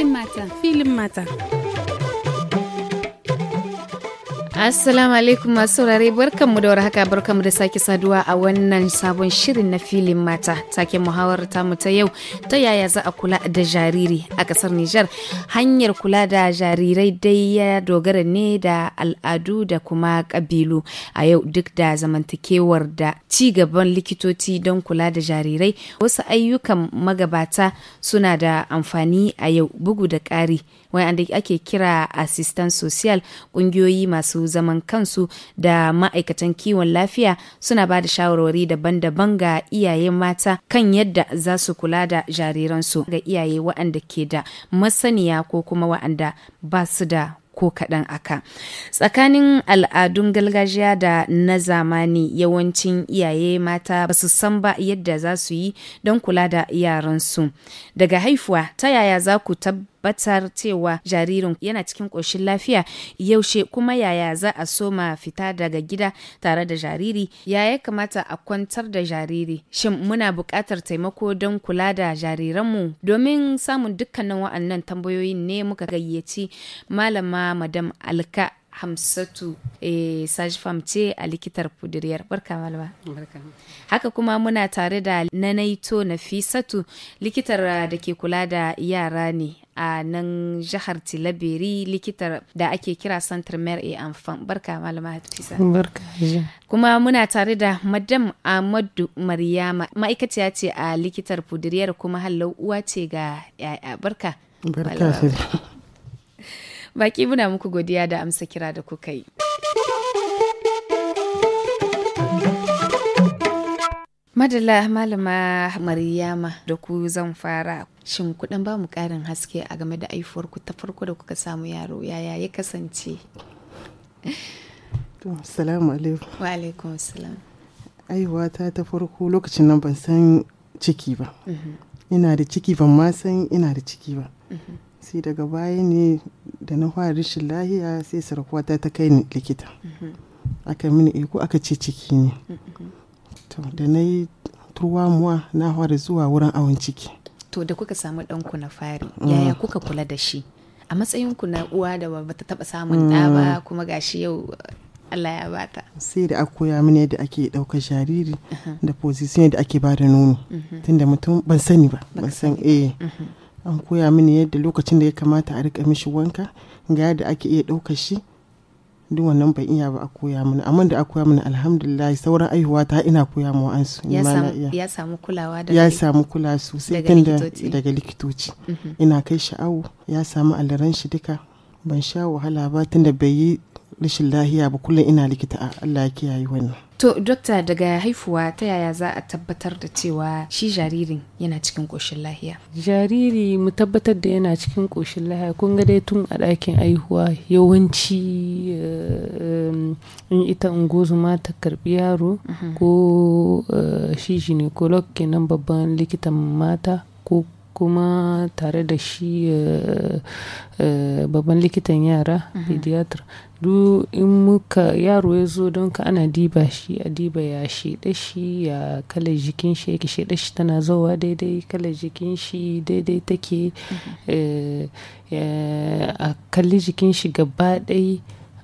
Film matter. Film matter. Assalamu alaikum masu saurare barkanmu da haka barkanmu da sake saduwa a wannan sabon shirin na filin mata taken muhawar mu ta yau ta yaya za a kula da jariri a kasar Nijar hanyar kula da jarirai dai ya dogara ne da al'adu da kuma kabilu a yau duk da zamantakewar da ci gaban likitoci don kula da jarirai wasu ayyukan magabata suna da amfani a yau bugu da ƙari wanda ake kira assistant social ƙungiyoyi masu zaman kansu da ma'aikatan kiwon lafiya suna ba da shawarwari daban-daban ga iyaye mata kan yadda za su kula da jariransu ga iyaye waɗanda ke da masaniya ko kuma waɗanda ba su da ko kaɗan aka tsakanin al'adun gargajiya da na zamani yawancin iyaye mata ba su san ba yadda za su yi don kula da yaransu daga haifuwa ta yaya za ku tabbatar batar cewa jaririn yana cikin ƙoshin lafiya yaushe kuma yaya za a soma fita daga gida tare da jariri ya ya kamata a kwantar da jariri shin muna buƙatar taimako don kula da jariranmu domin samun dukkanin wa'annan tambayoyin ne muka gayyaci malama madam alka hamsatu e, ce a likitar kudiriyar barka malwa haka kuma muna tare da nanaito na nafisatu likitar eh, da ke kula da yara ne a nan jihar tilabiri likitar da ake kira santar mayar a amfan barka malama hafisa barka kuma muna tare da madam amadu maryama ma'aikaciya ce a likitar fudiriyar kuma hallau uwa ce ga yaya barka barka baki muna muku godiya da amsa kira da kuka yi Madalla Malama Maryama da ku zan fara shin kuɗin ba mu ƙarin haske a game da aifuwarku ta farko da kuka samu yaro yaya ya kasance? Assalamu alaikum. Wa alaikum salam Aiwa ta ta farko lokacin nan ban san ciki ba. Mhm. Ina da ciki ban ma san ina da ciki ba. Mhm. Sai daga baya ne da na fara rashin lahiya sai sarakuwa ta ta kai ni likita. Mhm. Aka mini iku aka ce ciki ne. to da na yi turwamuwa na fara zuwa wurin awon ciki to da kuka samu ɗanku na fari mm. yaya kuka kula da shi a matsayin ku na uwa da ba ta taɓa samun ɗa mm. ba kuma gashi yau Allah ya bata. Sai da aka koya mini yadda ake ɗauka jariri uh-huh. da position yadda ake bada nono. Mm-hmm. Tunda mutum ban sani ba, ban san eh. Mm-hmm. An koya mini yadda lokacin da ya kamata a rika mishi wanka, ga yadda ake iya ɗaukar shi, duk wannan ban iya ba a koya mini amma da a koya mini alhamdulillah sauran aihuwa ta ina koya an wa'ansu ya samu kulawa da mhm. ya samu kula sosai tun daga likitoci ina kai sha'awu ya samu alaran shi duka ban sha wahala ba tun bai yi rashin lahiya ba kullum ina likita a Allah ya kiyaye wannan to dokta daga haifuwa ta yaya za a tabbatar da cewa shi jaririn yana cikin koshin lahiya jariri mu tabbatar da yana cikin koshin lahiya kun ga dai tun a ɗakin aihuwa yawanci eh, eh, in ita ma ta karbi yaro mhm. ko eh, shi ne kenan babban likitan mata ko kuma tare da shi eh, eh, babban likitan yara mhm. pediatra duk in muka yaro ya zo don ka ana diba shi a diba ya sheɗa shi ya kalar jikin shi yake sheɗa shi tana zawa daidai kalar jikin shi daidai take mhm. eh, a kalli jikin shi gaba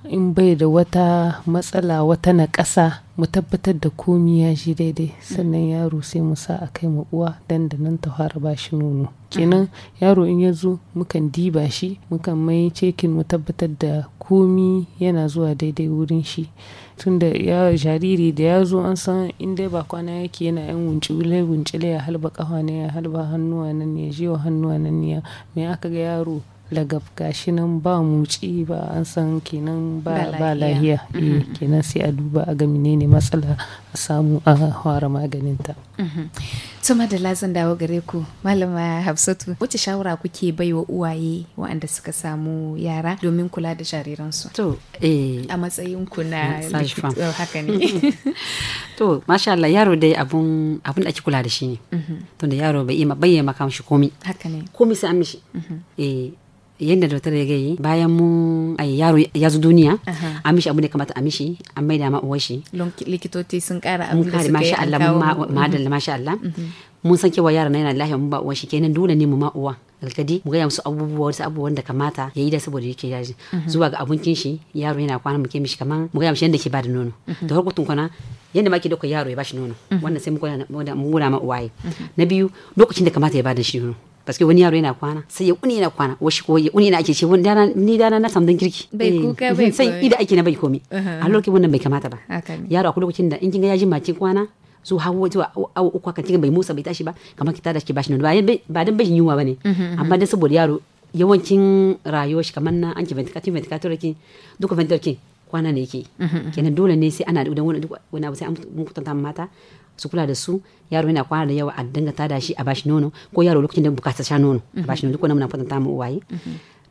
in bai da wata matsala wata na ƙasa mu tabbatar da komi ya shi daidai mm. sannan yaro sai mu sa a kai uwa dan da nan ta fara ba shi nono mm. kenan yaro in ya zo mukan diba shi mukan mai cekin mu tabbatar da komi yana zuwa daidai wurin shi tunda ya jariri da ya zo an san in dai ba kwana yake yana yan wuncile wuncile ya halba kafa ne ya halba hannuwa nan ya jiwa hannuwa nan ya me aka ga yaro lagab gashi nan ba muci ba an san kenan ba lahiya mm-hmm. eh, kenan sai a duba a ga menene matsala a samu a fara maganinta mm-hmm. to madalla zan dawo gare ku malama hafsatu wace shawara kuke bai wa uwaye waɗanda suka samu yara domin kula da jariransu to eh, a matsayin ku na oh, haka ne to masha Allah yaro dai abun abun da ake kula da shi ne mm-hmm. tunda yaro bai yi bayyana maka mishi komi haka ne komi sai an mishi eh yadda da ya gai bayan mu a yaro ya zo duniya a mishi abu ne kamata a mishi an mai da ma'uwar shi likitoci sun kara abu da suka yi an kawo madalla masha Allah mhm. Mhm. mun san kewa yara na yana lahiya mun ba shi kenan dole ne mu ma'uwa alkadi mu gaya musu abubuwa wasu abubuwan da kamata ya yi da saboda yake yaji mhm. zuwa ga abincin shi yaro yana kwana mu ke mishi kaman mu gaya mishi yadda ke ba da nono da farko kwana yadda ma ke dauka yaro ya bashi nono wannan sai mu gura ma uwaye na biyu lokacin da kamata ya ba da shi nono parce que wani yaro yana kwana sai ya kuni yana kwana washi ko ya kuni yana ake ce wani dana ni dana na samdan kirki bai eh, kuka bai sai ida ake na bai komi a lokacin wannan bai kamata ba yaro akwai lokacin da in kinga ya ji mace kwana su hawo zuwa awa uku kan cikin bai musa bai tashi ba kamar ki tada shi shi ne ba dan bai yunwa bane amma dan saboda yaro yawancin rayuwar shi kamar na anki ventilator ventilator kin duka ventilator kin kwana ne yake kenan dole ne sai ana da wani abu sai an mutunta mata su kula da su yaro yana kwana da yawa a dinga ta da shi a bashi nono ko yaro lokacin da bukata sha nono a bashi nono duk wannan muna kwatanta mu uwaye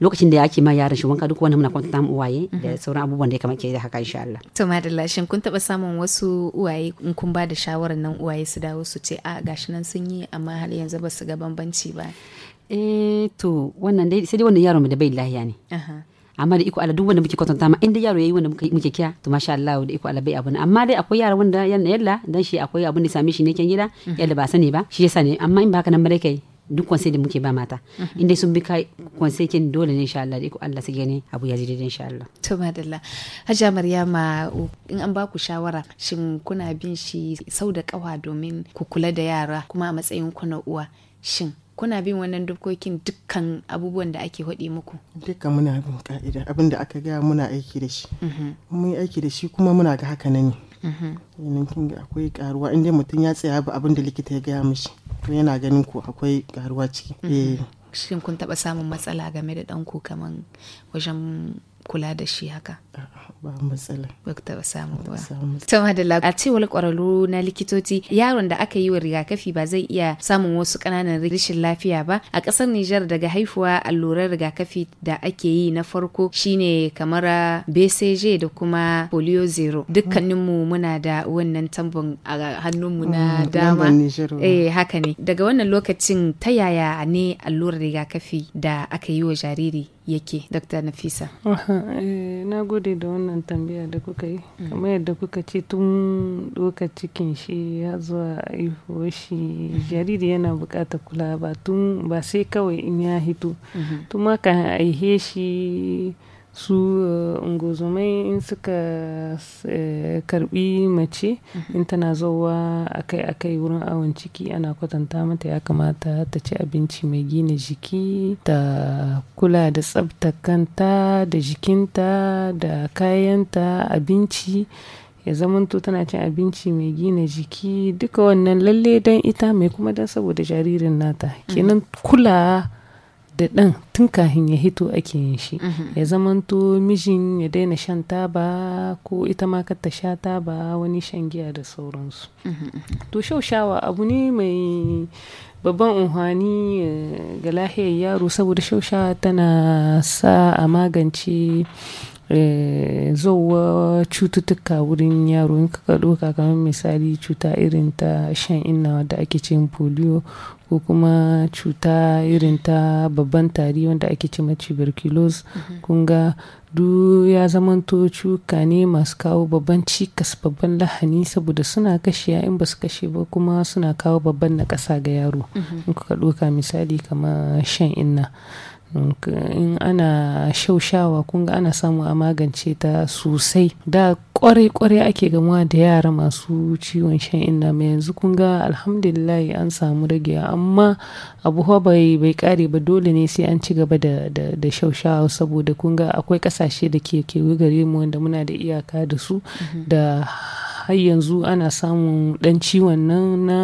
lokacin da yake ma yaran shi wanka duk wannan muna kwatanta mu uwaye da sauran abubuwan da ya kamata da haka insha Allah to madalla shin kun taba samun wasu uwaye in kun ba da shawarar nan uwaye su dawo su ce a gashi nan sun yi amma har yanzu ba su ga bambanci ba eh to wannan dai sai dai wannan yaron da bai lahiya ne amma da iko ala duk wanda muke kwatanta ma inda yaro yayi wanda muke kiya to masha Allah da iko ala bai abun amma dai akwai yara wanda yana yalla dan shi akwai abun da same shi ne kan gida mm-hmm. yalla ba sani ba shi yasa ne amma in ba haka nan bare kai duk sai da muke ba mata mm-hmm. inda sun bi kai kwanse kin dole ne insha Allah da iko Allah su gane abu ya ji daidai insha Allah to madalla hajja maryama in an ba ku shawara shin kuna bin shi sau da kawa domin ku kula da yara kuma a matsayin ku na uwa shin kuna bin wannan dokokin dukkan abubuwan da ake haɗe muku dukkan muna bin ka'ida abin da aka gaya muna aiki da shi mhm. mun aiki da shi kuma muna ga haka ne mhm. kin ga akwai karuwa inda mutum ya tsaya ba abin da likita ya gaya mishi to yana ganin ku, akwai karuwa ciki mhm. eh. shin kun taɓa samun matsala game da ɗanku kaman wajen kula da shi haka ba matsala ba taɓa samu ba madalla a cewar ƙwararru na likitoci yaron da aka yi wa rigakafi ba zai iya samun wasu ƙananan rashin lafiya ba a ƙasar Nijar daga haihuwa allurar rigakafi da ake yi na farko shine kamar BCG da kuma polio zero dukkaninmu muna da wannan tambon a hannunmu na mm, dama eh haka ne daga wannan lokacin ta yaya ne allurar rigakafi da aka yi wa jariri yake dr nafisa eh, na gode da wannan tambaya da kuka yi mm. kamar yadda kuka ce tun doka cikin shi ya zuwa haihuwar shi jariri yana bukatar kula ba tun ba sai kawai in ya hito mm-hmm. tun ma ka aihe shi su eh, unguzumai in suka eh, karbi mace mhm. in tana zowa akai-akai wurin awon ciki ana kwatanta mata ya kamata ta ci abinci mai gina jiki ta kula da tsabta kanta da jikinta da kayanta abinci ya zamanto tana cin abinci mai gina jiki duka wannan lalle don ita mai kuma don saboda jaririn nata mhm. kenan kula da ɗan tun kahin ya hito ake yin shi mhm. ya zamanto mijin ya daina shan taba ko ita ma ta sha taba wani shan giya da sauransu mhm. to shaushawa abu ne mai babban unhwani eh, ga lahiyar yaro saboda shaushawa tana sa a magance eh, zowa cututtuka wurin yaro in ka ɗauka kamar misali cuta irin ta shan inna da ake cin polio ko kuma cuta irin ta babban tari wanda ake mace tuberculosis mhm. kun ga du ya zamanto cuka ne masu kawo babban cikas babban lahani saboda suna kashe in ba su kashe ba kuma suna kawo babban na ƙasa ga yaro mhm. in kuka ɗauka misali kamar shan inna in ana shaushawa kunga ana samu a magance ta sosai da kwarai-kwarai ake gamuwa da yara masu ciwon shan inna mai yanzu kun ga alhamdulillahi an samu ragewa amma abu bai bai kare ba dole ne sai an ci gaba da da shaushawa saboda kun ga akwai kasashe da ke kewaye gare mu wanda muna da iyaka da su mhm. da har yanzu ana samun dan ciwon nan na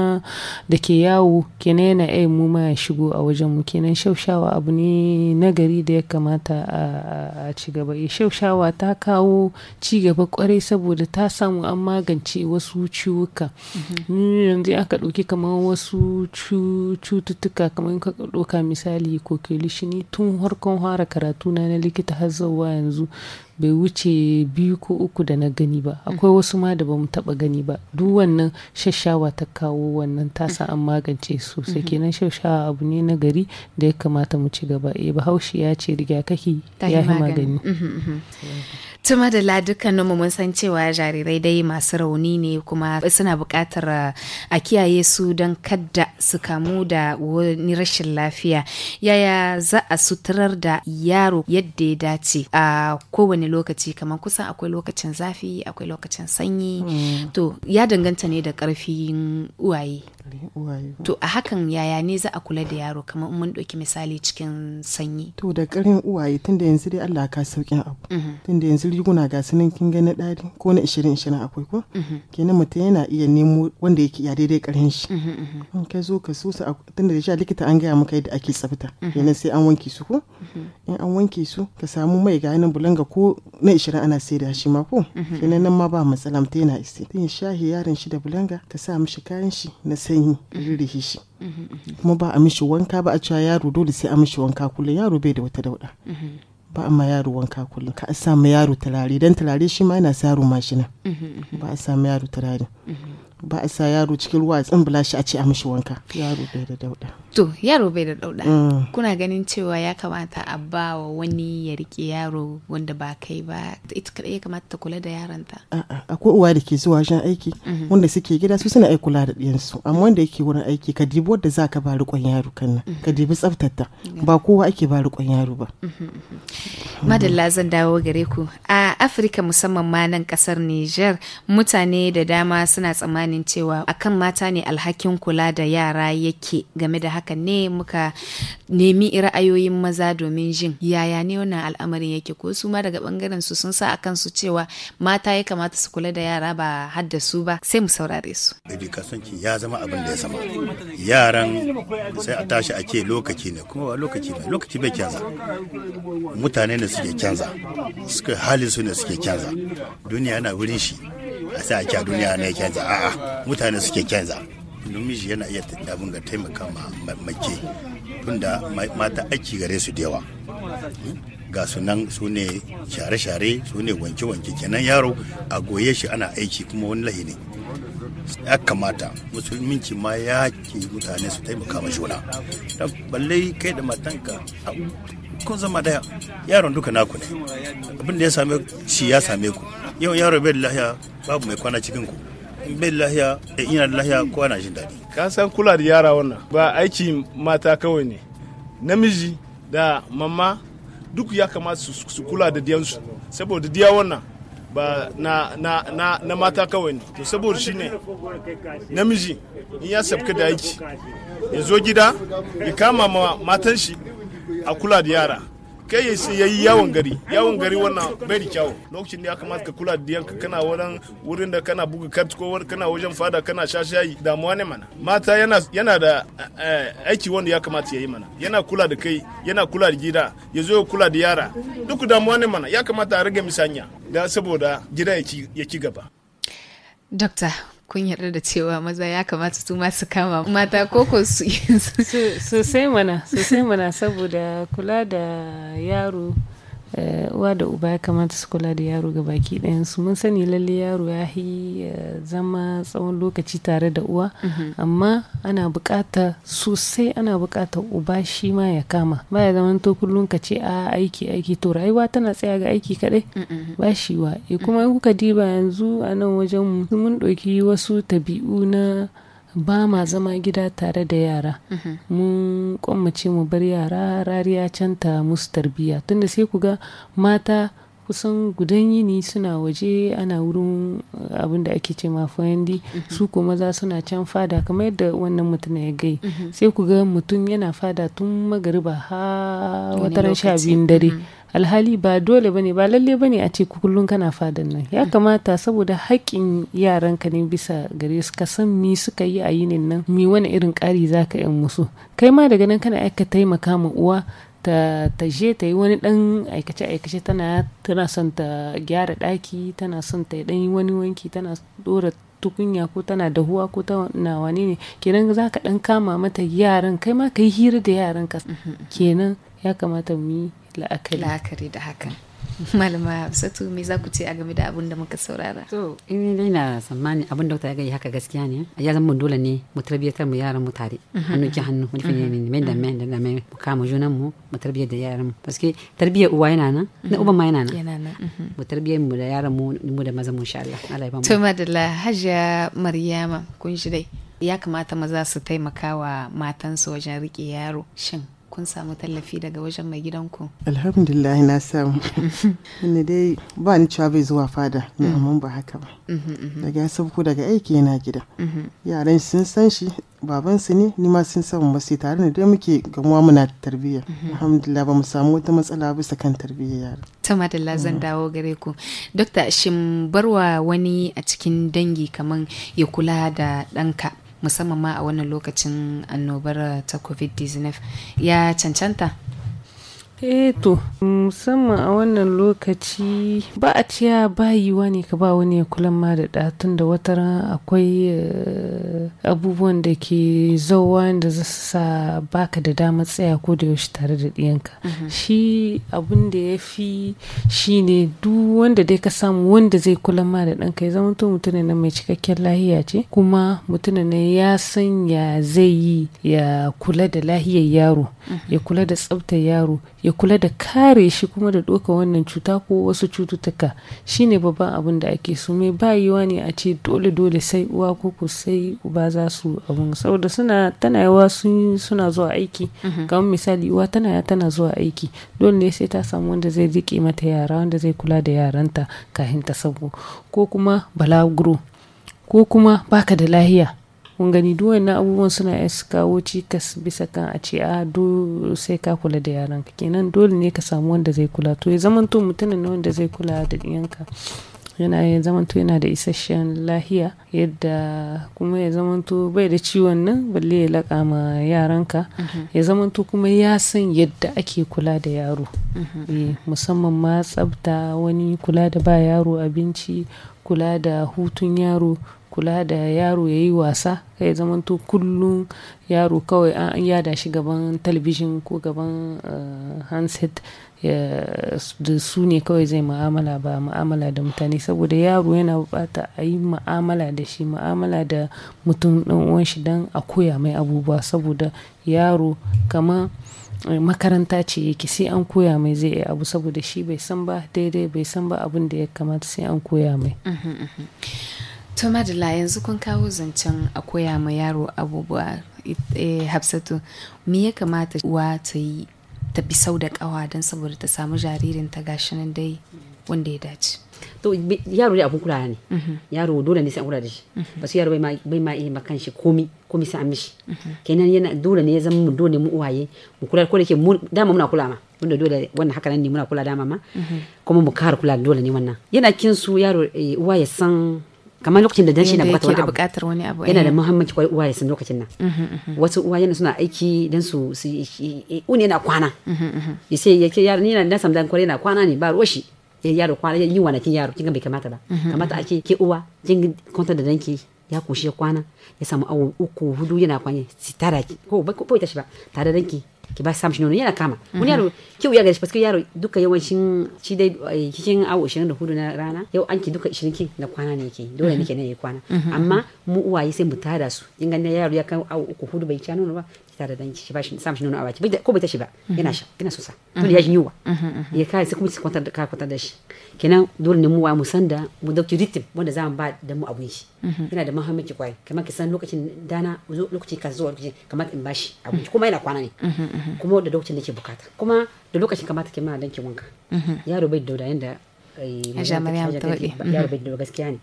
da ke yawo kenan yana iya mu ma ya shigo a wajen mu kenan shaushawa abu ne na gari da ya kamata a ci gaba eh, shaushawa ta kawo ci gaba kwarai saboda ta samu an magance wasu ciwuka mm-hmm. mm, yanzu aka ɗauki kamar wasu cututtuka kamar ka ɗauka misali ko tun harkon fara karatu na na likita har zuwa yanzu bai wuce biyu ko uku da na gani ba mm. akwai wasu ma da ba mu taba gani ba duk wannan shashawa ta kawo wannan tasa an magance su mm-hmm. sai kenan shashawa abu ne na gari da ya kamata mu ci gaba eh haushi ya ce rigakafi ya magani mm-hmm, mm-hmm. Tuma da dukkaninmu mun san cewa jarirai dai masu rauni ne kuma suna buƙatar eh, a kiyaye su don kadda su kamu da wani rashin lafiya. Yaya za a suturar da yaro yadda ya dace a kowane lokaci kamar kusan akwai lokacin zafi akwai lokacin sanyi. Mm. To ya danganta ne da ƙarfin uwaye. To a hakan yaya ne za a kula da yaro kamar mun ɗauki misali cikin sanyi. To da ƙarin uwaye tunda yanzu dai Allah ka sauƙin abu. Mm-hmm. Tunda yanzu riguna ga sunan kin ga na ɗari ko na ishirin ishirin akwai ko mhm. kenan mutum yana iya nemo wanda yake ya daidai ƙarhin shi mhm, mhm, in ka zo ka so a da sha likita an gaya maka yadda ake tsafta kenan sai an wanke su ko in an wanke su ka samu mai ga bulanga ko na ishirin ana da shi ma ko kenan nan ma ba matsala mutum yana isi tun shahi yaron shi da bulanga ka sa mishi kayan shi na sanyi rirrihi shi kuma ba a mishi wanka ba a cewa yaro dole sai a mishi wanka kullum yaro bai da wata dauɗa ba a ma yaro wanka kullum ka a sa ma yaro turare dan turare shi ma yana sa yaro mashina mhm, mhm. ba a sa ma yaro turare mhm. ba a sa yaro cikin ruwa a shi a ce a mishi wanka yaro bai da dauda to yaro bai da dauda mm. kuna ganin cewa ya kamata a ba wa wani ya rike yaro wanda ba kai ba ita kaɗai ya kamata ta kula da yaron ta. akwai uwa da ke zuwa shan aiki mhm. wanda suke gida su suna kula da ɗiyansu amma wanda yake wurin aiki ka dibi wadda za ka ba riƙon yaro kan nan ka mhm. dibi tsaftata ba kowa ake ba riƙon yaro ba mhm, madalla zan dawo gare ku a afirka musamman ma nan kasar nijar mutane da dama suna tsammanin cewa akan mata ne alhakin kula da yara yake game da haka haka ne muka nemi ra'ayoyin maza domin jin yaya ne wannan al'amarin yake ko su ma daga bangaren su sun sa akan su cewa mata ya kamata su kula da yara ba hadda su ba sai mu saurare su edukasanci ya zama abin da ya zama yaran sai a tashi ake lokaci ne kuma ba lokaci ba lokaci bai canza mutane ne suke canza suka halin su ne suke canza duniya na wurin shi a sai a duniya ne canza a'a mutane suke canza namiji yana iya abin ga taimaka ma mace tunda mata aiki gare su da yawa ga su nan su ne share-share su ne wanke-wanke kenan yaro a goye shi ana aiki kuma wani lahi ne ya kamata musulminci ma ya ke mutane su taimaka ma shona balle kai da matanka kun zama daya yaron duka naku ne abin da ya same shi ya same ku yau yaro bai lahiya babu mai kwana cikin ku bai lahiya eh, ina lahiya ko ana jin daɗi ka san kula da yara wannan ba aiki mata kawai ne namiji da mama duk ya kamata su kula da diyansu saboda diya wannan ba na, na, na, mata kawai ne to saboda shi ne namiji in ya sabka da aiki ya zo gida ya kama matan shi a kula da yara kai ya yayi yawon gari yawon gari wannan bai da kyau lokacin da ya kamata ka kula da diyanka kana wurin wurin da kana buga kart ko kana wajen fada kana yi damuwa ne mana mata yana yana da eh, aiki wanda ya kamata yayi mana yana kula da kai yana kula da gida ya zo ya kula da yara duk damuwa ne mana ya kamata a rage misanya da saboda gida ya ci gaba Dokta, kun yarda da cewa maza ya kamata su masu kama mata koko su sosai mana saboda kula da yaro Eh, uwa da uba ya kamata su kula da yaro ga baki su mun sani lalle yaro ya yi eh, zama tsawon lokaci tare da uwa mhm. amma ana bukata sosai ana bukata uba shi ma ya kama baya zaman to kullum ka ce a aiki aiki to rayuwa tana tsaya ga aiki kaɗai ba shi wa eh, kuma kuka diba yanzu a nan wajen mun ɗauki wasu tabi'u na ba ma zama gida tare da yara mhm. mun kwammace mu bar yara rariya canta musu tarbiyya tunda sai ku ga mata kusan gudan yini suna waje ana wurin eh, abinda ake ce mafayandi mhm. su ko maza suna can fada kamar yadda wannan mutum ya gai mhm. sai ku ga mutum yana fada tun magariba ha wataran sha biyun dare alhali ba dole bane ba lalle bane a ce kullum kana fadan nan ya kamata saboda haƙƙin yaranka ne bisa gare su ka san mi suka yi a yinin nan mi wani irin ƙari za ka yan musu kai ma daga nan kana aika taimaka ma uwa ta ta je ta yi wani dan aikace aikace tana tana son ta gyara ɗaki tana son ta dan yi wani wanki tana dora tukunya ko tana dahuwa ko tana wane ne kenan za ka dan kama mata yaran kai ma ka yi hira da yaran ka mm-hmm. kenan ya kamata mu la'akari da hakan malama hafsatu me za ku ce a game da abin da muka saurara to in dai na tsammani abin da ya gai haka gaskiya ne ya zama dole ne mu tarbiyatar mu yaran mu tare hannu ki hannu mu ne mai da mai da mai mu kama junan mu mu tarbiyar da yaran mu paske tarbiyar uwa yana nan na uban ma yana nan mu tarbiyar mu da yaran mu mu da maza mu insha Allah Allah ya ba mu to madalla hajja maryama kun shi dai ya kamata maza su taimaka wa matansu wajen rike yaro shin kun samu tallafi daga wajen mai gidanku alhamdulillah na samu ni dai ba ni cewa bai zuwa fada ne mm. amma ba haka ba mm-hmm, mm-hmm. daga ya sauko daga aiki yana gida mm-hmm. yaran sun san shi baban su ne ni ma sun samu sai tare ne dai muke gamuwa muna tarbiyya alhamdulillah ba mu samu wata matsala bisa kan tarbiyya yara ta madalla zan mm. dawo gare ku dokta shin barwa wani a cikin dangi kaman ya kula da ɗanka musamman ma a wannan lokacin annobar ta covid-19 ya cancanta Eh to, musamman a wannan lokaci ba a ciya bayiwa ne ka ba wani ya kulan ma da datun da akwai eh, abubuwan da ke zauwa da za su sa baka da damar tsaya ko da yaushe tare da ɗiyanka. Mhm. Shi abun da ya fi shi ne duk wanda dai ka samu wanda zai kulan ma da ɗanka ya zama to mutum na mai cikakken lahiya ce kuma mutum ne ya san ya zai yi ya kula da lahiyar yaro mhm. ya kula da tsabtar yaro ya ya kula da kare shi kuma da ɗauka wannan cuta ko wasu cututtuka shine babban abin da ake so mai yiwa ne a ce dole dole sai uwa ko ko sai uba za su abun saboda suna tana yawa suna zuwa aiki mhm. kamar misali uwa tana ya tana zuwa aiki dole ne sai ta samu wanda zai riƙe mata yara wanda zai kula da yaranta kafin ta sabo ko kuma balaguro ko kuma baka da lahiya mun gani duk wannan abubuwan suna ya su kawo cikas bisa kan a ce a ah, do sai ka kula da yaranka kenan dole ne ka samu wanda zai kula to ya to mutumin na wanda zai kula da ɗiyanka yana ya to yana da isasshen lahiya yadda kuma ya zamanto bai da ciwon nan balle ya laƙa ma yaranka mm-hmm. ya zamanto kuma ya san yadda ake kula da yaro mm-hmm. eh, musamman ma tsabta wani kula da ba yaro abinci kula da hutun yaro kula da yaro ya yi wasa kai ya zamanto kullum yaro kawai an yada shi gaban talabijin ko gaban eh, handset da su ne kawai zai ma'amala ba ma'amala da mutane saboda yaro yana bata a yi ma'amala da shi ma'amala da mutum ɗan shi don a koya mai abubuwa saboda yaro kama eh, makaranta ce yake sai an koya mai zai iya abu saboda shi bai san ba daidai bai san ba abin da ya kamata sai an koya mai to madala yanzu kun kawo zancen a koya ma yaro abubuwa eh, hafsatu me ya kamata uwa ta yi ta bi sau da kawa don saboda ta samu jaririn ta gashi nan dai wanda ya dace to yaro dai abun kula ne mhm. yaro dole ne sai kula da shi mhm. ba su yaro bai ma iya makan shi komi komi sai an mishi mhm. kenan yana dole ne ya zama mun dole mu uwaye mu kula ko da ke dama muna kula ma wanda dole wannan haka nan ne muna kula dama ma kuma mu kar kula dole ne wannan yana kin su yaro eh, uwa ya san kamar lokacin da dan shi na bukatar wani abu yana da eh. muhammanci kwai uwaye sun lokacin nan mm-hmm, mm-hmm. wasu uwaye yana suna aiki dan su su uni yana kwana mm-hmm, ya ce yake yaro ni na sam dan kware yana kwana ne ba roshi ya yaro kwana ya yi wanakin yaro kin ga bai kamata ba kamata ake ke uwa kin kwanta da danki ya kushe kwana ya samu awo uku hudu yana kwanye sitara ko ba ko ita shi ba tare danki ki ba sam shi nono yana kama wani mhm. yaro kyau ya gaji paske yaro duka yawancin shi dai eh, cikin awo 24 na rana yau an ki duka 20 kin na kwana ne yake dole mhm. ne kenan yayi kwana mhm. amma mu uwaye sai mu tada su in ganin yaro ya kai awo 3 hudu bai ci nono ba iska da danki shi bashi samu nono a baki ko bai tashi ba yana sha yana so sa to ya ji yuwa ya kai sai kuma su kwantar da ka kwantar da shi kenan dole ne mu wa mu san da mu dauki rhythm wanda za mu ba da mu abun shi yana da muhimmanci kwai kamar ki san lokacin dana lokacin ka zo lokacin kamar in bashi abinci kuma yana kwana ne kuma da lokacin nake bukata kuma da lokacin kamata ke ma danki wanka yaro bai dauda yanda yaro bai dauda gaskiya ne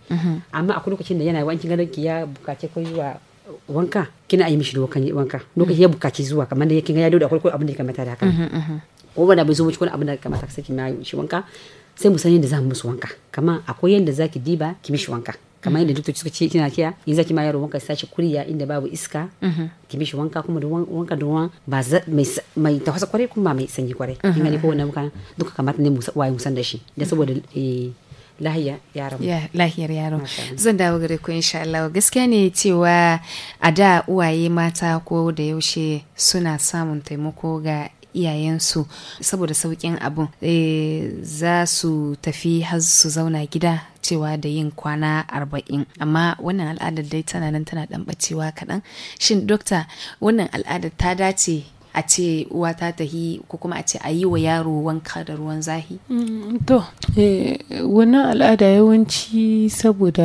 amma akwai lokacin da yana wankin ganin ki ya bukace ko yi wa wanka kina ayi mishi lokacin wanka lokaci ya bukaci zuwa kamar da yake ya da akwai abin da ya kamata da haka mhm, mhm. ko wanda bai zo muci wani abin da ya kamata sai ki mai shi wanka sai mu san yadda za mu musu wanka kamar akwai yadda zaki diba ki mishi wanka kamar yadda doktoci suka ce kina kiya in zaki ma yaro wanka sai shi kuriya inda babu iska mhm. ki mishi wanka kuma da wanka da ruwan ba mai mai tafasa kwarai kuma ba mai sanyi kwarai kin gani ko wannan duka kamata ne mu waye mu san da shi da saboda eh, lahiyar yaro zan dawo gare ku insha Allah gaskiya ne cewa a da uwaye mata ko da yaushe suna samun taimako ga iyayensu saboda sauƙin abu. Eh, za su tafi har su zauna gida cewa da yin kwana arba'in amma wannan al'adar dai tana nan tana ɗan bacewa kaɗan shin dokta wannan al'adar ta dace a ce uwa ta tahi ko kuma a ce a yi wa yaro wanka da ruwan zahi mm, to eh, wannan al'ada yawanci saboda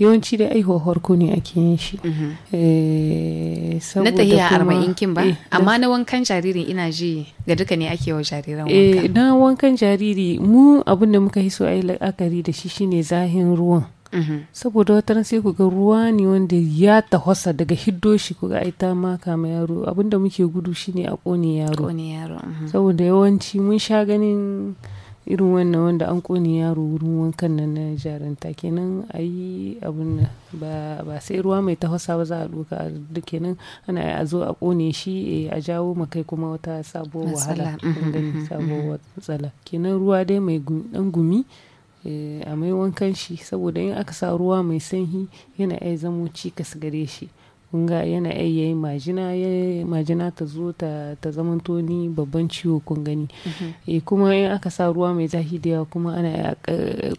yawanci da aihuwa harko ne ake yin shi mhm. eh, na tahiya arba'in kin ba eh, amma na wankan jaririn ina ji ga duka ne ake wa jariran wanka na wankan jariri mu abin da muka yi so a yi la'akari da shi shine zahin ruwan Mm-hmm. saboda wata sai ku ga ruwa ne wanda ya tahosa daga hiddo shi ku ga ita ma kama yaro abinda muke gudu shine a kone yaro mm-hmm. saboda yawanci mun sha ganin irin wannan wanda an kone yaro wurin wankan nan na jaranta kenan a yi abin ba sai ruwa mai tahosa ba za a duka da kenan ana a zo a kone shi eh, a jawo makai kuma wata sabuwar wahala mm-hmm, sabuwar matsala kenan ruwa dai mai dan gumi Eh, a mai wankan shi saboda in aka sa ruwa mai sanyi yana iya zamo cikas gare shi. kun ga yana iya yayi majina majina ta zo ta ta zamanto toni babban ciwo kun gani e kuma in aka sa ruwa mai zafi da yawa kuma ana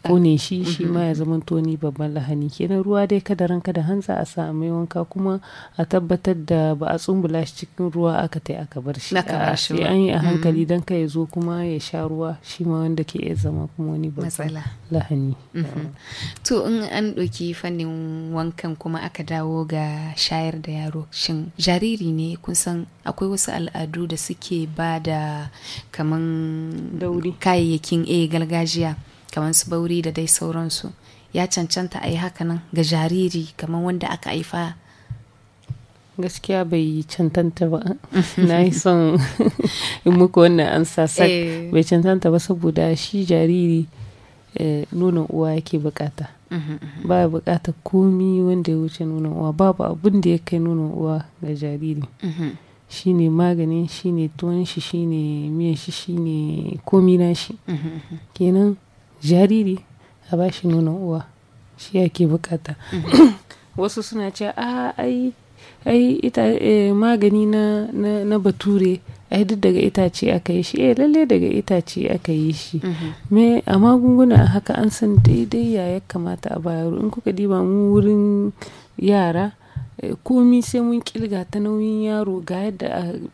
kone eh, shi mhm. shi ma ya zamanto ni babban lahani kenan ruwa dai kada ranka da hanza a sa mai wanka kuma a tabbatar da ba a tsumbula shi cikin ruwa aka tai aka bar shi shi an yi a mhm. hankali dan ka ya zo kuma ya sha ruwa shi ma wanda ke iya zama kuma wani babban lahani to in an ɗauki fannin wankan kuma aka dawo ga sha shayar da yaro shin jariri ne kun san akwai wasu al'adu da suke ba da kaman kayayyakin eh gargajiya kaman su bauri da dai sauransu ya cancanta a yi hakanan ga jariri kaman wanda aka haifa gaskiya bai cancanta ba na yi son in muku wannan an eh. bai cancanta ba saboda shi jariri eh, nuna uwa yake bukata ba a bukatar komi wanda ya wuce nuna uwa babu abin da ya kai nuna uwa ga jariri shine maganin shine tuwon shi shine miyan shi shine komi na shi kenan jariri a ba shi nuna uwa shi ake bukata wasu suna cewa a ai ita eh, magani na bature ai duk daga itace aka yi shi eh lalle daga itace aka yi shi mm-hmm. me a magunguna haka an san daidai ya ya kamata a bayar in kuka diba mu wurin yara eh, komi sai mun kilga ta nauyin yaro ga yadda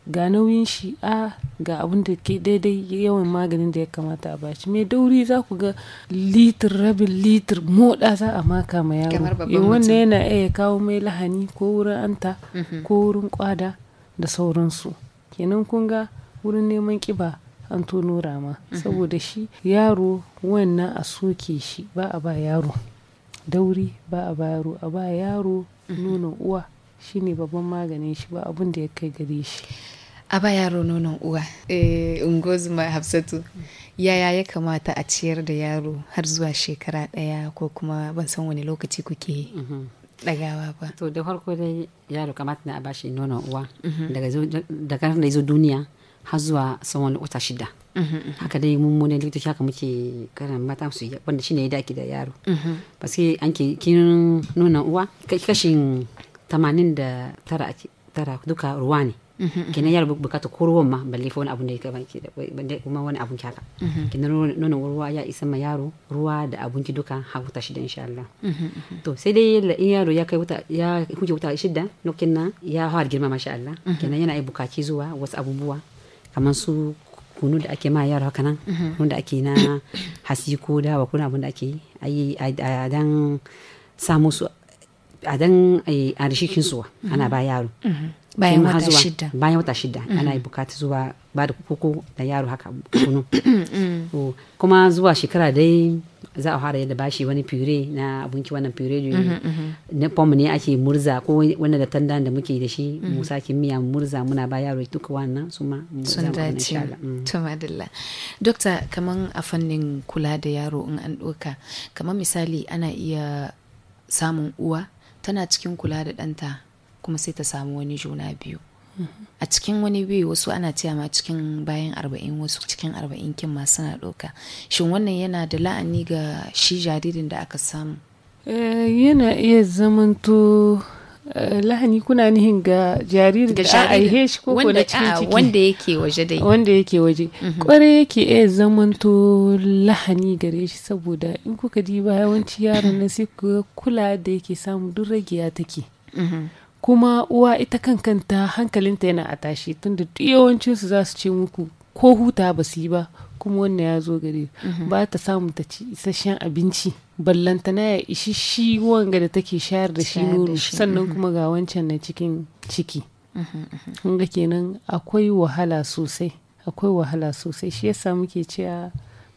ga nauyin shi a ga abin da ke daidai yawan maganin da ya kamata a bashi mai dauri za ku ga litir rabin litir moda za a maka ma yaro eh, wannan yana iya kawo mai lahani ko wurin anta mm-hmm. ko wurin kwada da sauransu kenan kun ga wurin neman kiba an tono rama saboda shi yaro wannan a soke shi ba a ba yaro dauri ba a ba yaro a ba yaro nonon uwa shine babban maganin shi ba abin da ya kai gare shi a ba yaro nonon uwa eh, mai hafsatu yaya ya kamata a ciyar da yaro har zuwa shekara ɗaya ko kuma ban san wani lokaci kuke mhm. dagawa ba to da farko dai yaro kamata na a bashi nonon uwa mhm. daga da zo duniya har zuwa tsawon wata shida mhm, mhm. haka dai mummunan likitoci haka muke karan mata su wanda shine ya daki da yaro paske an ke kin nonon uwa kashin tamanin da tara duka ruwa ne Mm-hmm. kenan yara bukata ko ruwan ma balle fa wani da ya kaba ki da kuma wani abun haka mm-hmm. kenan nono ruwa ya isa ma yaro ruwa da abun ki duka har shi da insha Allah mm-hmm, to sai dai in yaro ya kai wuta ya kuje wuta shida n'o kenan ya har girma masha Allah kenan yana ai bukaci zuwa wasu abubuwa kamar su kunu da ake ma yaro haka nan wanda da ake na hasi ko dawa kuna abun da ake ayi a dan samu su a dan eh, a rishikin suwa ana ba yaro bayan wata shida bayan wata shida mm-hmm. ana yi bukata zuwa ba da koko da yaro haka kunu mm-hmm. kuma zuwa shekara dai za a fara yadda bashi wani pure na abinci wannan pure ne mm-hmm, na pom ne ake murza ko wannan da tandan da muke da shi mu sake miya murza muna ba yaro duka wannan su ma sun dace mm. to madalla dokta kaman a fannin kula da yaro in an doka kaman misali ana iya samun uwa tana cikin kula da danta. kuma sai ta samu wani juna biyu a cikin wani biyu wasu ana cewa ma cikin bayan arba'in wasu cikin arba'in kin ma suna ɗauka shin wannan yana da la'ani ga shi jaririn da aka samu eh, yana iya zamanto eh, lahani kuna nihin ga jaririn da a aihe shi ko na cikin ciki wanda yake waje dai wanda yake waje mhm. kwarai yake iya zamanto lahani gare shi saboda in kuka ba yawanci yaron na sai kula da yake samu duk ragiya take mhm. kuma uwa ita kan kanta hankalinta yana a tashi tunda duk yawancinsu za su ce muku ko huta ba su yi ba kuma wannan ya zo gare mhm. ba ta samu ta ci isasshen abinci ballanta na ya ishi shi wanga da take shayar da shi nono sannan mhm. kuma ga wancan na cikin ciki mhm, kun ga kenan akwai wahala sosai akwai wahala sosai shi yasa muke cewa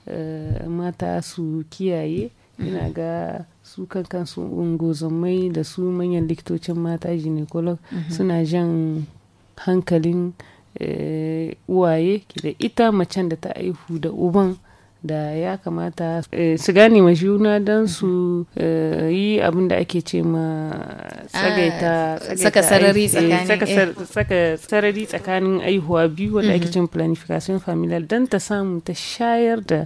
eh, mata su kiyaye ina ga su kan kansu ungozomai da su manyan likitocin mata gynecolog mhm. suna jan hankalin eh, uwaye da ita macen da ta aihu da uban da ya kamata eh, su gane ma juna don su eh, yi abin da ake ce ma tsagaita ah, saka sarari tsakanin aihuwa biyu wanda ake mhm. cin planification familial don ta samu ta shayar da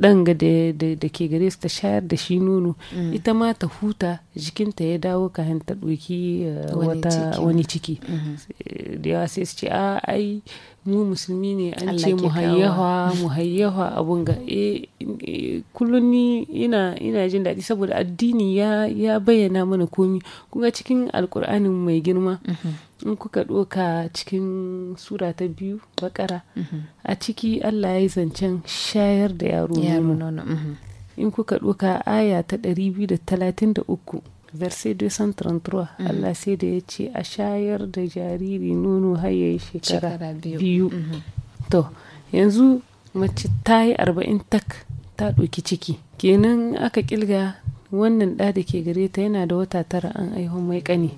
ɗan ga da ke gare su ta shayar da shi nono mm. ita ma ta huta jikinta ya dawo kayan ta ɗauki eh, wani ciki mm-hmm. eh, da yawa sai su ce a ah, ai mu musulmi ne an ce muhayyawa muhayyawa abun ga e, e kullum ni ina ina jin daɗi saboda addini ya ya bayyana mana komi kuma cikin alkur'anin mai girma mhm. in kuka ɗoka cikin sura ta biyu bakara mhm. a ciki allah ya yi zancen shayar da yaro nono mhm. in kuka ɗoka aya ta 233 verse 233 mm. Allah sai da ya ce a shayar da jariri nono har ya shekara biyu mm-hmm. to yanzu mace ta yi arba'in tak ta ɗauki ciki kenan aka kilga wannan ɗa da ke gare ta yana da wata tara an aihon mai ƙani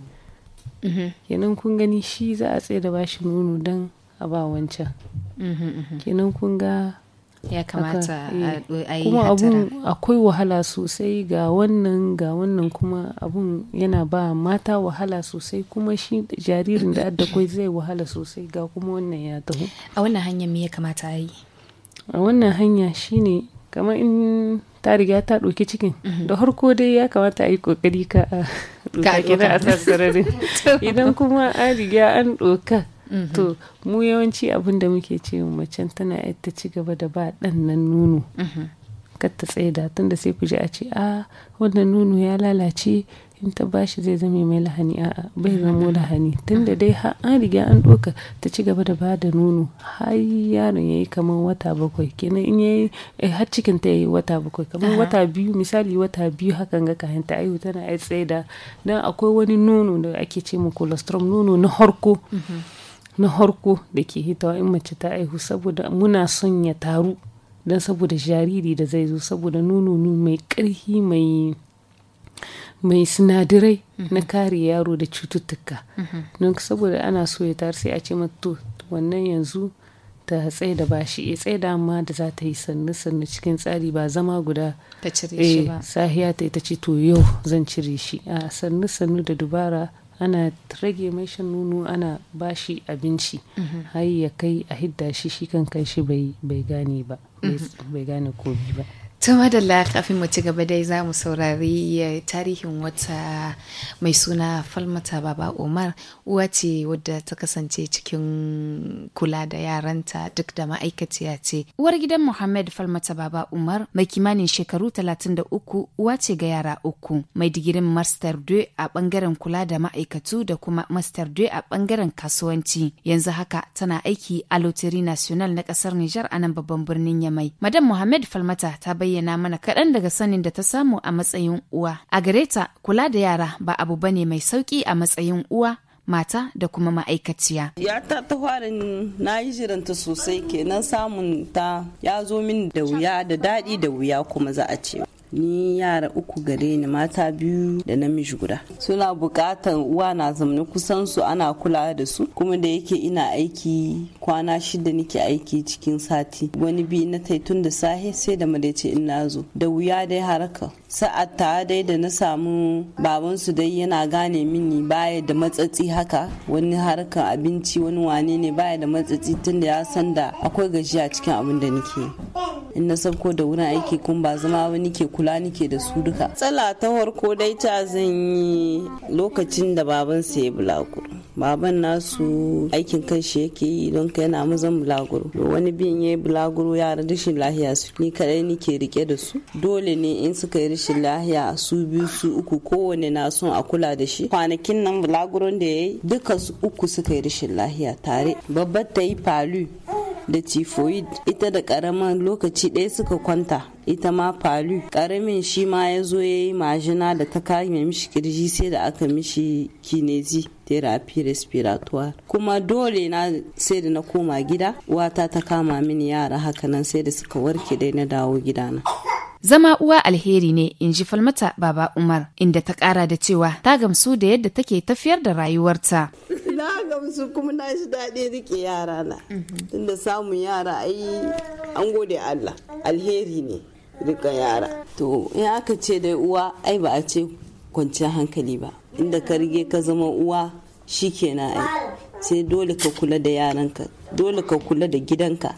mm-hmm. kenan kun gani shi za a tsaye da bashi nono don a ba wancan mm-hmm, kenan kun ga ya kamata eh. a yi kuma abun akwai wahala sosai ga wannan ga wannan kuma abun yana ba mata wahala sosai kuma shi jaririn da adda kwai zai wahala sosai ga kuma wannan ya taho a wannan hanya me ya kamata a yi a wannan hanya shine kamar in ta riga ta ɗauki cikin mhm. da harko dai ya kamata a yi ƙoƙari ka a ɗoka a idan kuma an riga an ɗoka Mm-hmm. to mu yawanci abin da muke ce macen tana ta ci gaba da ba ɗan nan nono mm-hmm. kar ta tsaida tunda sai ku ji a ce a ah, wannan nono ya lalace in ta bashi zai zama mai lahani a'a bai mm-hmm. zama lahani tunda dai har an riga an doka ta ci gaba da bada nono har yaron yayi kamar wata bakwai kenan in yayi eh, har cikin ta yayi wata bakwai kamar wata biyu misali wata biyu hakan ga kayan ta ayu tana ai tsaida dan akwai wani nono da ake ce mu colostrum nono na harko na harko da ke hitawa in mace ta aihu saboda muna son ya taru don saboda jariri da zai zo saboda nono mai ƙarfi mai mai sinadirai mhm. na kare yaro da cututtuka mhm. don saboda ana so ya taru sai a ce to wannan yanzu ta tsaye da bashi ya tsaye da amma da za ta yi sannu sannu cikin tsari ba zama guda ta cire shi eh, ba sahiya ta ita ce to yau zan cire shi a sannu sannu da dubara ana rage mai shan nono ana bashi abinci mm-hmm. har ya kai a hidda shi shi kan kai shi bai gane ba mm-hmm. bai gane komi ba Tuma da kafin mu ci gaba dai za mu saurari eh, tarihin wata mai suna Falmata Baba Umar uwa ce wadda ta kasance cikin kula da yaranta duk da ma'aikaciya ce. Uwar gidan Muhammad Falmata Baba Umar mai kimanin shekaru 33 uwa ce ga yara uku mai digirin Master 2 a bangaren kula da ma'aikatu da kuma Master 2 a bangaren kasuwanci. Yanzu haka tana aiki a Lottery National na kasar Nijar a nan babban birnin Yamai. Madam Muhammad Falmata ta bayyana bayyana mana kaɗan daga sanin da ta samu a matsayin uwa. A gare ta kula da yara ba abu ba ne mai sauƙi a matsayin uwa mata da kuma ma'aikaciya. Ya ta ta farin na yi jiranta sosai kenan samun ta ya zo min da wuya da daɗi da wuya kuma za a ce. ni yara uku gare ni mata biyu da namiji guda suna bukatan uwa na zamani kusan su ana kula da su kuma da yake ina aiki kwana shida nake aiki cikin sati wani bi na taitun da sahe sai da madaice in na zo da wuya dai haraka sa'ad ta dai da na samu babansu dai yana gane mini baya da matsatsi haka wani harkar abinci wani wane ne baya da matsatsi tun da ya san da akwai gajiya cikin abin da nake in na ko da wurin aiki kun ba zama wani ke kula nike da su duka tsala ta farko dai ta zan yi lokacin da babansa ya bulaguro baban nasu aikin shi yake yi don ka yana mazan bulaguro wani bin ya yi bulaguro yara rashin lahiya su ni kadai nike rike da su dole ne in suka yi shi lahiya su biyu su uku kowane na son a kula da shi kwanakin nan bulaguron da ya yi duka su uku suka yi rashin lahiya tare babbar ta yi palu da typhoid ita da karamin lokaci ɗaya suka kwanta ita ma palu karamin shi ma ya zo ya yi majina da ta kame mishi kirji sai da aka mishi kinezi therapy respiratoire kuma dole na sai da na koma gida wata ta kama mini yara haka nan sai da suka warke dai na dawo gidana Zama uwa alheri ne, in ji Falmata Baba Umar, inda ta kara da cewa ta gamsu da yadda take tafiyar da rayuwarta. Na gamsu kuma na shi daɗi rike yara na. Mhm. Tunda samun yara ai an gode Allah, alheri ne rika yara. To, in aka ce dai uwa ai ba a ce kwanciyar hankali ba. Inda ka rige ka zama uwa shi kenan ai. Sai dole ka kula da yaranka, dole ka kula da gidanka,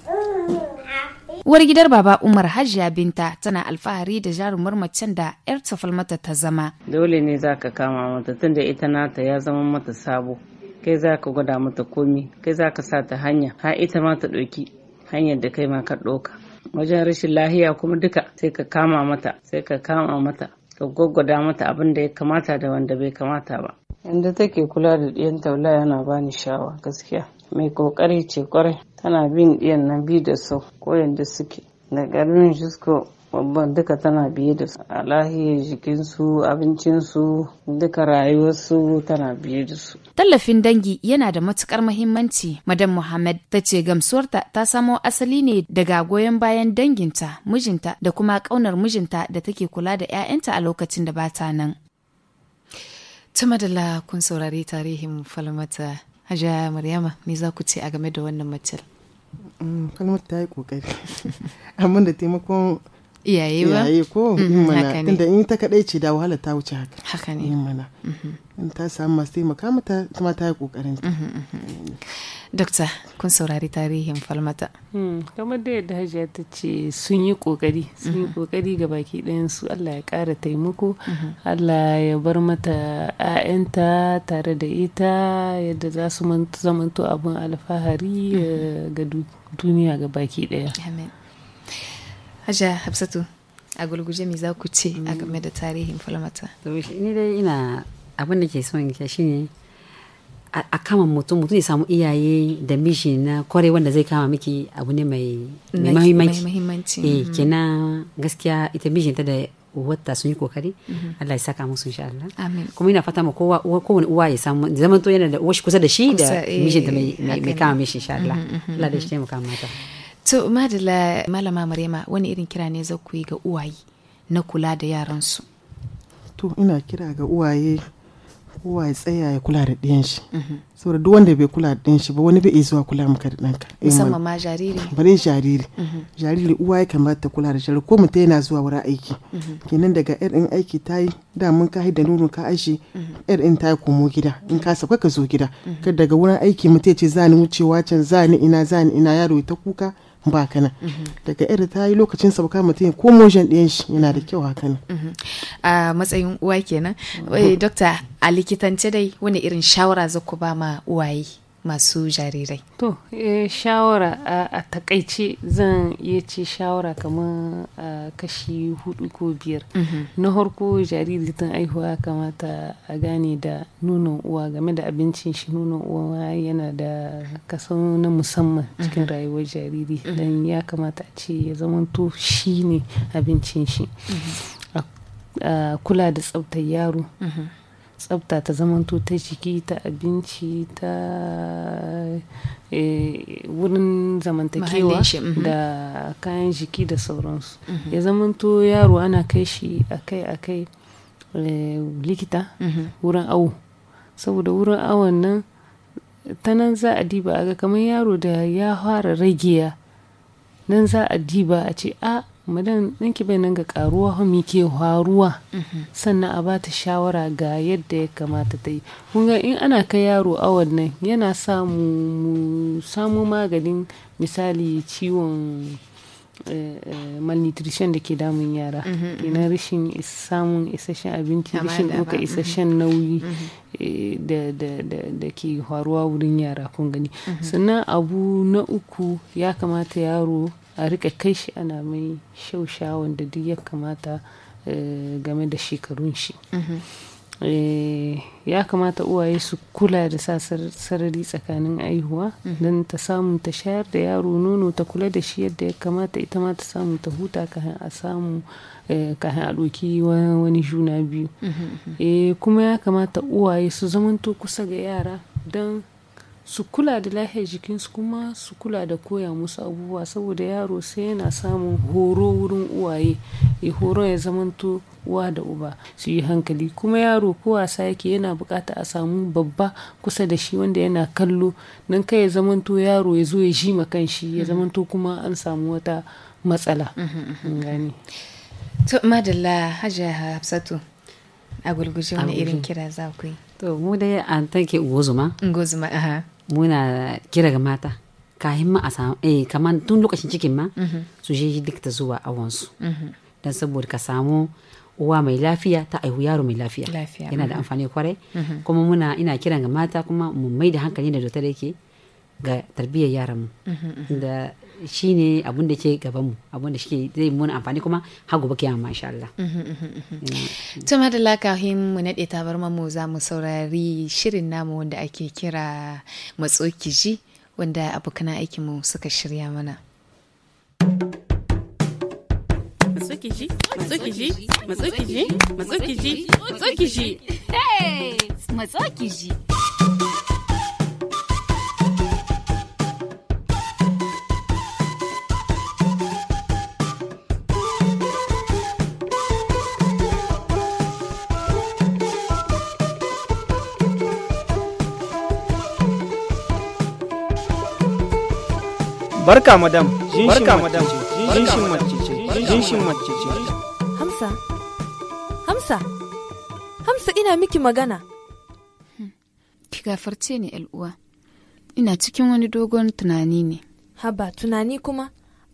Uwar gidar Baba Umar Hajiya Binta tana alfahari da jarumar macen da 'yar tafalmata ta zama. Dole ne za ka kama mata tunda ita nata ya zama mata sabo. Kai za ka gwada mata komi, kai za ka sa ta hanya, ha ita ma ta ɗauki hanyar da kai ma ka ɗauka. Wajen rashin lahiya kuma duka sai ka kama mata, sai ka kama mata, ka gwaggwada mata abin da ya kamata da wanda bai kamata ba. Yanda take kula da ɗiyan taula yana bani shawa gaskiya. mai kokari ce kwarai tana bin ɗiyan nan bi da su koyan da suke da garin jisko babban duka tana biye da su a lahiyar jikinsu abincinsu duka rayuwarsu tana biye da su. Tallafin dangi yana da matukar mahimmanci madam Muhammad ta ce gamsuwarta ta samo asali ne daga goyon bayan danginta mijinta da kuma kaunar mijinta da take kula da 'ya'yanta a lokacin da bata nan. Tuma kun saurari tarihin falmata Hajiya Maryama, me za ku ce a game da wannan mace? Mm, kalmar ta yi kokari. Amma da taimakon iyaye ba iyaye ko mm-hmm, mm, mana tunda in ta kadai ce da wahala ta wuce haka haka ne mm, mana mm-hmm. in ta samu masu taimaka mata kuma ta yi kokarin ta mm-hmm, dokta kun saurari tarihin falmata hmm, kamar da yadda hajiya ta ce sun yi kokari sun yi kokari ga baki ɗayan su Allah ya ƙara taimako Allah ya bar mata 'ya'yanta tare da ita yadda za su zamanto abin alfahari eh, ga duniya ga baki ɗaya Aja Hafsatu, a gulguje mai za ku ce a mm. game da tarihin falmata? Ni dai ina abin da ke son ke shine a kama mutum mutum ya samu iyaye da mishi na kware wanda zai kama miki abu ne mai mahimmanci. Eh mm-hmm. kina gaskiya ita mijinta da wata sun yi kokari mm-hmm. Allah ya saka musu insha Allah amin kuma ina fata ma kowa kowane uwa ya samu zaman to yana da uwa kusa da shi da eh, mijinta mai kama mishi insha Allah mm-hmm, Allah da shi taimaka mata To, madala malama marema wani irin kira ne za ku yi ga uwaye na kula da yaransu? To, ina kira ga uwaye uwaye ya tsaya ya kula da ɗiyan shi mhm. saboda duk wanda bai kula da ɗiyan shi ba wani bai zuwa kula maka da ɗanka eh, musamman ma jariri bare jariri mhm. jariri uwa ya kamata kula da jariri ko mutum yana zuwa wurin aiki mhm. kenan daga yar in aiki ta yi da mun ka da nono ka aishi yar in ta yi komo gida in ka sauka ka zo gida kar daga wurin aiki mutum ya ce za ni wucewa can za ni ina za ni ina yaro ta kuka ba kana mhm. daga irin ta yi lokacin sauka mutum ko motion ɗayan shi yana da kyau haka nan mhm. a matsayin uwa kenan dokta a likitance dai wani irin shawara za ku ba ma uwaye masu jarirai to eh, shawara a takaice zan iya ce shawara kamar kashi hudu ko biyar mhm. na harko jariri tun aihuwa kamata a gane da nonon uwa game da abincin shi nonon uwa yana da kaso na musamman mhm. cikin rayuwar jariri mhm. Dan ya kamata a ce ya zamanto shi ne abincin shi A kula da tsabtar yaro tsafta ta zamanto ta jiki ta abinci ta wurin e, zamantakewa da kayan jiki da sauransu ya zamanto yaro ana kai shi akai-akai likita wurin awo saboda wurin awon nan ta nan za a diba ga kamar yaro da ya fara ragiya nan za a diba a ce a madan ɗanki bai nan ga karuwa mi ke haruwa. Mhm. sannan a bata shawara ga yadda ya kamata ta yi ga in ana kai yaro awon nan yana samu samu maganin misali ciwon eh, eh, malnutrition da ke damun yara mhm, mhm. kenan rashin samun isasshen abinci rashin ɗauka isasshen nauyi eh, da ke faruwa wurin yara kun gani sannan abu na uku ya kamata yaro a rika kai shi ana mai shaushawan da duk ya kamata eh, game da shekarun shi mm-hmm. eh, ya kamata uwaye su kula da sa sarari tsakanin aihuwa mm-hmm. don ta samu ta shayar da yaro nono ta kula da shi yadda ya kamata ita ma ta samu ta huta kafin a samu eh, kafin a ɗoki wani juna biyu mm-hmm, kuma ya kamata uwaye su zamanto kusa ga yara don su kula da lafiyar jikinsu kuma su kula da koya musu abubuwa saboda yaro sai yana samun horo wurin uwaye ya horo ya zamanto uwa da uba su yi hankali kuma yaro ko wasa yake yana bukata a samu babba kusa da shi wanda yana kallo nan kai ya zamanto yaro ya zo ya ji ma shi ya zamanto kuma an samu wata matsala madalla hafsatu a gurguje wani irin kira za ku yi to mu dai an take ungozuma ungozuma aha muna kira ga mata kahin ma a samu eh kamar tun lokacin cikin ma mhm. su je duk ta zuwa awonsu mhm. dan saboda ka samu uwa mai lafiya ta aihu yaro mai lafiya yana da mhm. amfani kwarai kuma muna ina kiran ga mata kuma mu mai da hankali da dota da yake ga tarbiyyar yaran mu da shine abun da ke gaban mu abun da shike zai mun amfani kuma har gobe kiyama insha Allah mhm, mhm, mhm, to da lakahin mu nade tabarman za mu saurari shirin namu wanda ake kira matso kiji wanda abokan aikin mu suka shirya mana matsukiji matsukiji matsukiji matsukiji Matso kiji. Barka madam, barka madam, jinshin mace ce, jinshin mace ce. Hamsa, Hamsa, Hamsa ina miki magana. Hmm. Ki gafarce ni uwa. ina cikin wani dogon tunani ne. Haba, tunani kuma?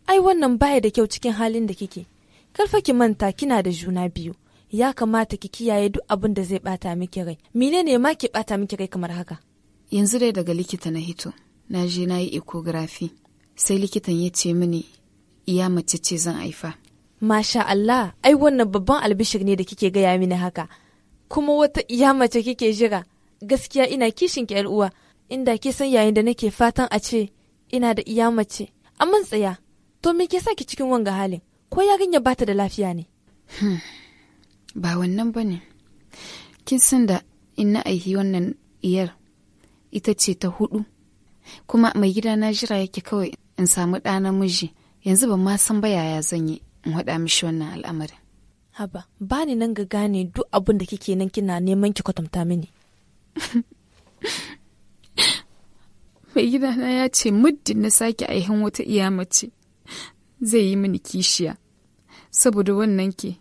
Ai wannan baya da kyau cikin halin da kike. Karfa ki manta kina da juna biyu. Ya kamata ki kiyaye duk abin da zai bata miki rai. Mine ne ma ki bata miki rai kamar haka? Yanzu dai daga likita na hito, na je na yi ecography. sai likitan ya ce mini iya mace ce zan haifa. Masha Allah, ai wannan babban albishir ne da kike gaya mini haka, kuma wata iya mace kike jira, gaskiya ina kishin ki uwa inda ke san yayin da nake fatan a ce ina da iya mace. Amma tsaya, to me ke ki cikin wanga halin? Ko yarinya bata da lafiya ne? Hmm. Ba wannan bane. Kin san da in na aihi wannan iyar ita ce ta hudu, kuma mai gida na jira yake kawai in samu ɗa namiji yanzu ban ma san ba yaya zan yi in haɗa mishi wannan al'amarin. Haba, ba ni nan ga gane duk abin da kike nan kina neman ki kwatanta mini. Mai gidana ya ce muddin na sake aihin wata iya mace zai yi mini kishiya. Saboda wannan ke,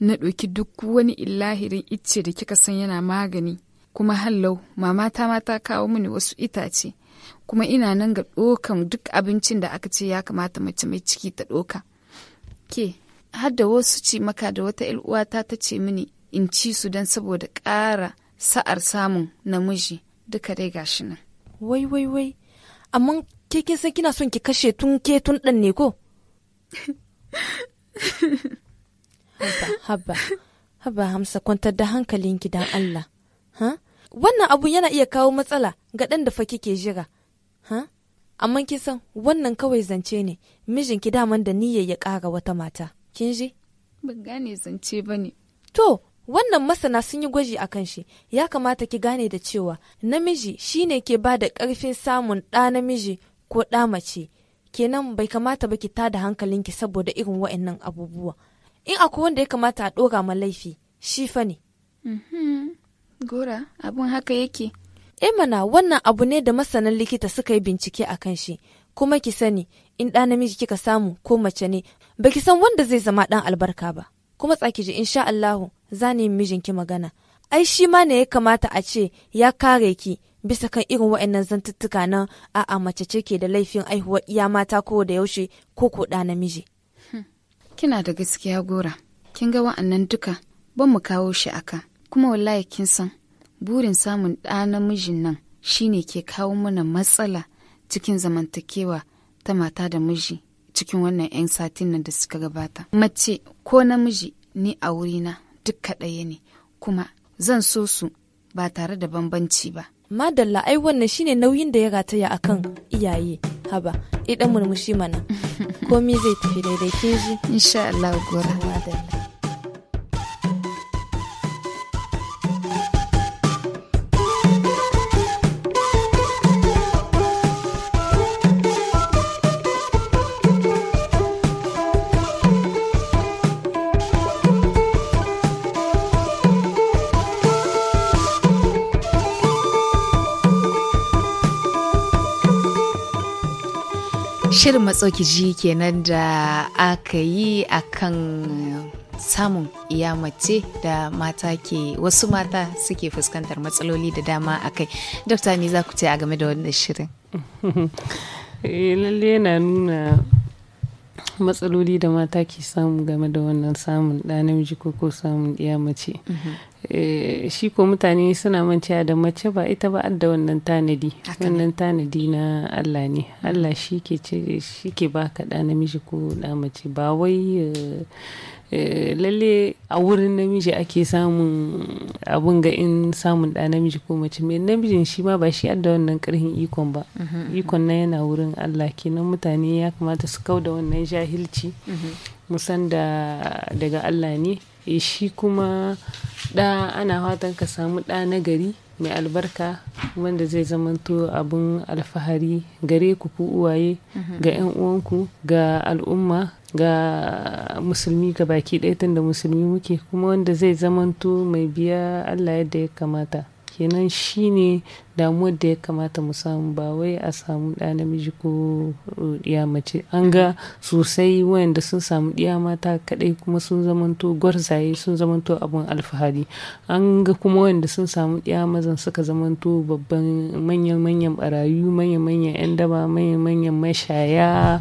na ɗauki duk wani illahirin icce da kika san yana magani, kuma hallau mamata ma ta kawo mini wasu itace kuma ina nan ga ɗokan duk abincin da aka ce ya kamata mace mai ciki ta ɗoka ke har da wasu ci maka da wata uwata ta ce mini in ci su don saboda ƙara sa'ar samun namiji duka dai gashi nan wai wai wai amma ke kin san kina son ki kashe tun ke tun ɗan ne ko habba habba habba hamsa kwantar da hankalinki gidan Allah wannan abu yana iya kawo matsala ga ɗan da fa kike jira ha amma kin wannan kawai zance ne mijinki daman da niyya ya ƙara wata mata kin ji ban gane zance ba ne to wannan masana sun yi gwaji a kan shi ya kamata ki gane da cewa namiji shi ne ke ba da ƙarfin samun ɗa namiji ko ɗa mace kenan bai kamata ba ki ta hankalin hankalinki saboda irin wa'annan abubuwa in akwai wanda ya kamata a ɗora ma laifi shi fa ne. Mhm. gora abin haka yake Eh mana wannan abu ne da masanan likita suka yi bincike a kan shi, kuma ki sani in ɗa namiji kika samu ko mace ne, ba ki san wanda zai zama ɗan albarka ba. Kuma tsaki ji insha Allahu za ni mijin ki magana. Ai shi ma ne ya kamata a ce ya kare ki bisa kan irin wa'annan zantuttuka nan a'a mace ce ke da laifin aihuwar iya mata ko da yaushe ko ko ɗa namiji. Hmm. Kina da gaskiya gora, kin ga wa'annan duka ban mu kawo shi aka, kuma wallahi kin san burin samun ɗa namijin nan shine ke kawo mana matsala cikin zamantakewa ta mata da miji cikin wannan 'yan satin nan da suka gabata mace ko namiji ni a wurina duk kaɗaya ne kuma zan so su ba tare da bambanci ba madalla ai wannan shine nauyin da ya rataya kan iyaye haba idan murmushi mana komi zai tafi daidai kin ji insha Allah gora madalla shirin matsauki ji kenan da aka yi akan samun iya da mata ke wasu mata suke fuskantar matsaloli da dama a kai dokta me za ku ce a game da wannan shirin eh, lalle yana nuna matsaloli da mata ke samu game da wannan samun ɗa namiji ko ko samun ɗiya mace mhm. eh, shi ko mutane suna manciya da mace ba ita ba da wannan tanadi wannan tanadi na allah ne mhm. allah shi ke baka ɗa namiji ko ɗa mace ba wai eh, Eh, lalle a wurin namiji ake samun abun ga in samun da namiji ko mace mai namijin shi ma ba shi yadda wannan karhin ikon ba mhm, ikon mhm. na yana wurin Allah kenan mutane ya kamata su kau da wannan jahilci mhm. musan da daga Allah ne eh, shi kuma da ana fatan ka samu da nagari mai albarka wanda zai zamanto abin alfahari gare ku ku uwaye ga 'yan uwanku ga al'umma ga musulmi ga baki ɗaya tun da musulmi muke kuma wanda zai zamanto mai biya allah yadda ya kamata kenan shine damuwar da ya kamata mu samu ba wai a samu ɗa namiji ko uh, ɗiya mace an ga sosai wayanda sun samu ɗiya mata kaɗai kuma sun zamanto gwarzaye sun zamanto abin alfahari an ga kuma wayanda sun samu ɗiya mazan suka zamanto babban manyan manyan barayu manyan manyan yan daba manyan manyan mashaya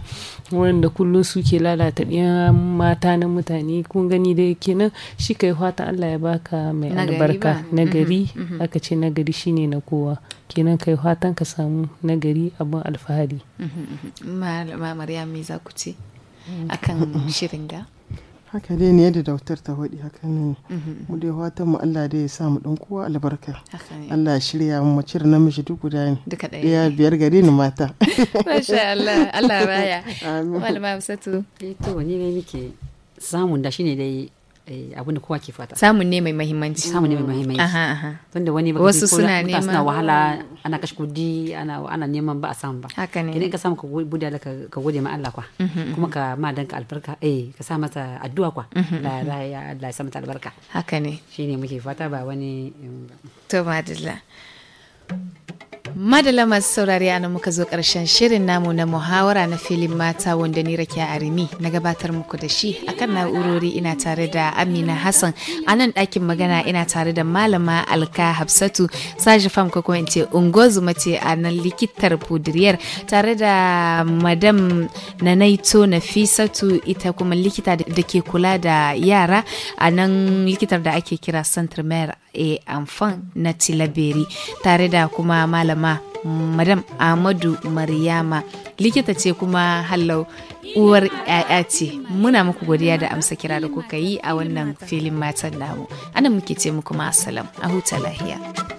wayanda kullum suke lalata ɗiya mata na mutane kun gani dai kenan shi kai fatan Allah ya baka mai albarka nagari mm-hmm. Mm-hmm. aka ce nagari shine na kowa kenan kai fatan ka samu nagari abin alfahari mm-hmm. malama maryam me za ku ce akan shirin ga haka dai ne yadda dautar ta hudu haka ne mm-hmm. mu dai fatan mu Allah dai ya sa mu dan kowa albarka Allah shirya mu mace da namiji duk guda ne duka biyar gari ni mata masha Allah Allah raya malama Amsatu eh to wani ne muke samun da shine dai Eh, abin da kowa ke fata samun ne mai mahimmanci samun ne mai mahimmanci tunda wani wasu suna neman suna wahala ana kashe kudi ana ana neman ba a samu ba haka ne idan ka samu ka gode ka gode ma Allah kwa mhm, mhm. kuma ka ma dan ka albarka eh ka sa mata addu'a kwa mhm, la la ya Allah ya sa mata albarka haka ne shine muke fata ba wani to madalla Madala masu saurari ana muka zo ƙarshen shirin namu na muhawara na filin mata wanda ni rake arimi na gabatar muku da shi akan na'urori ina tare da Amina Hassan a nan ɗakin magana ina tare da Malama Alka Hafsatu Saji Fam ko kuma ce Ungozu mace a nan likitar Pudiriyar tare da Madam Nanaito Nafisatu ita kuma likita da ke kula da yara a nan likitar da ake kira santar Mayor eh amfan na tilaberi tare da kuma malama madam amadu Mariyama likita ce kuma hallau uwar ‘ya'ya ce muna muku godiya da amsa kira da kuka yi a wannan filin matan namu anan muke ce muku ma a huta lahiya.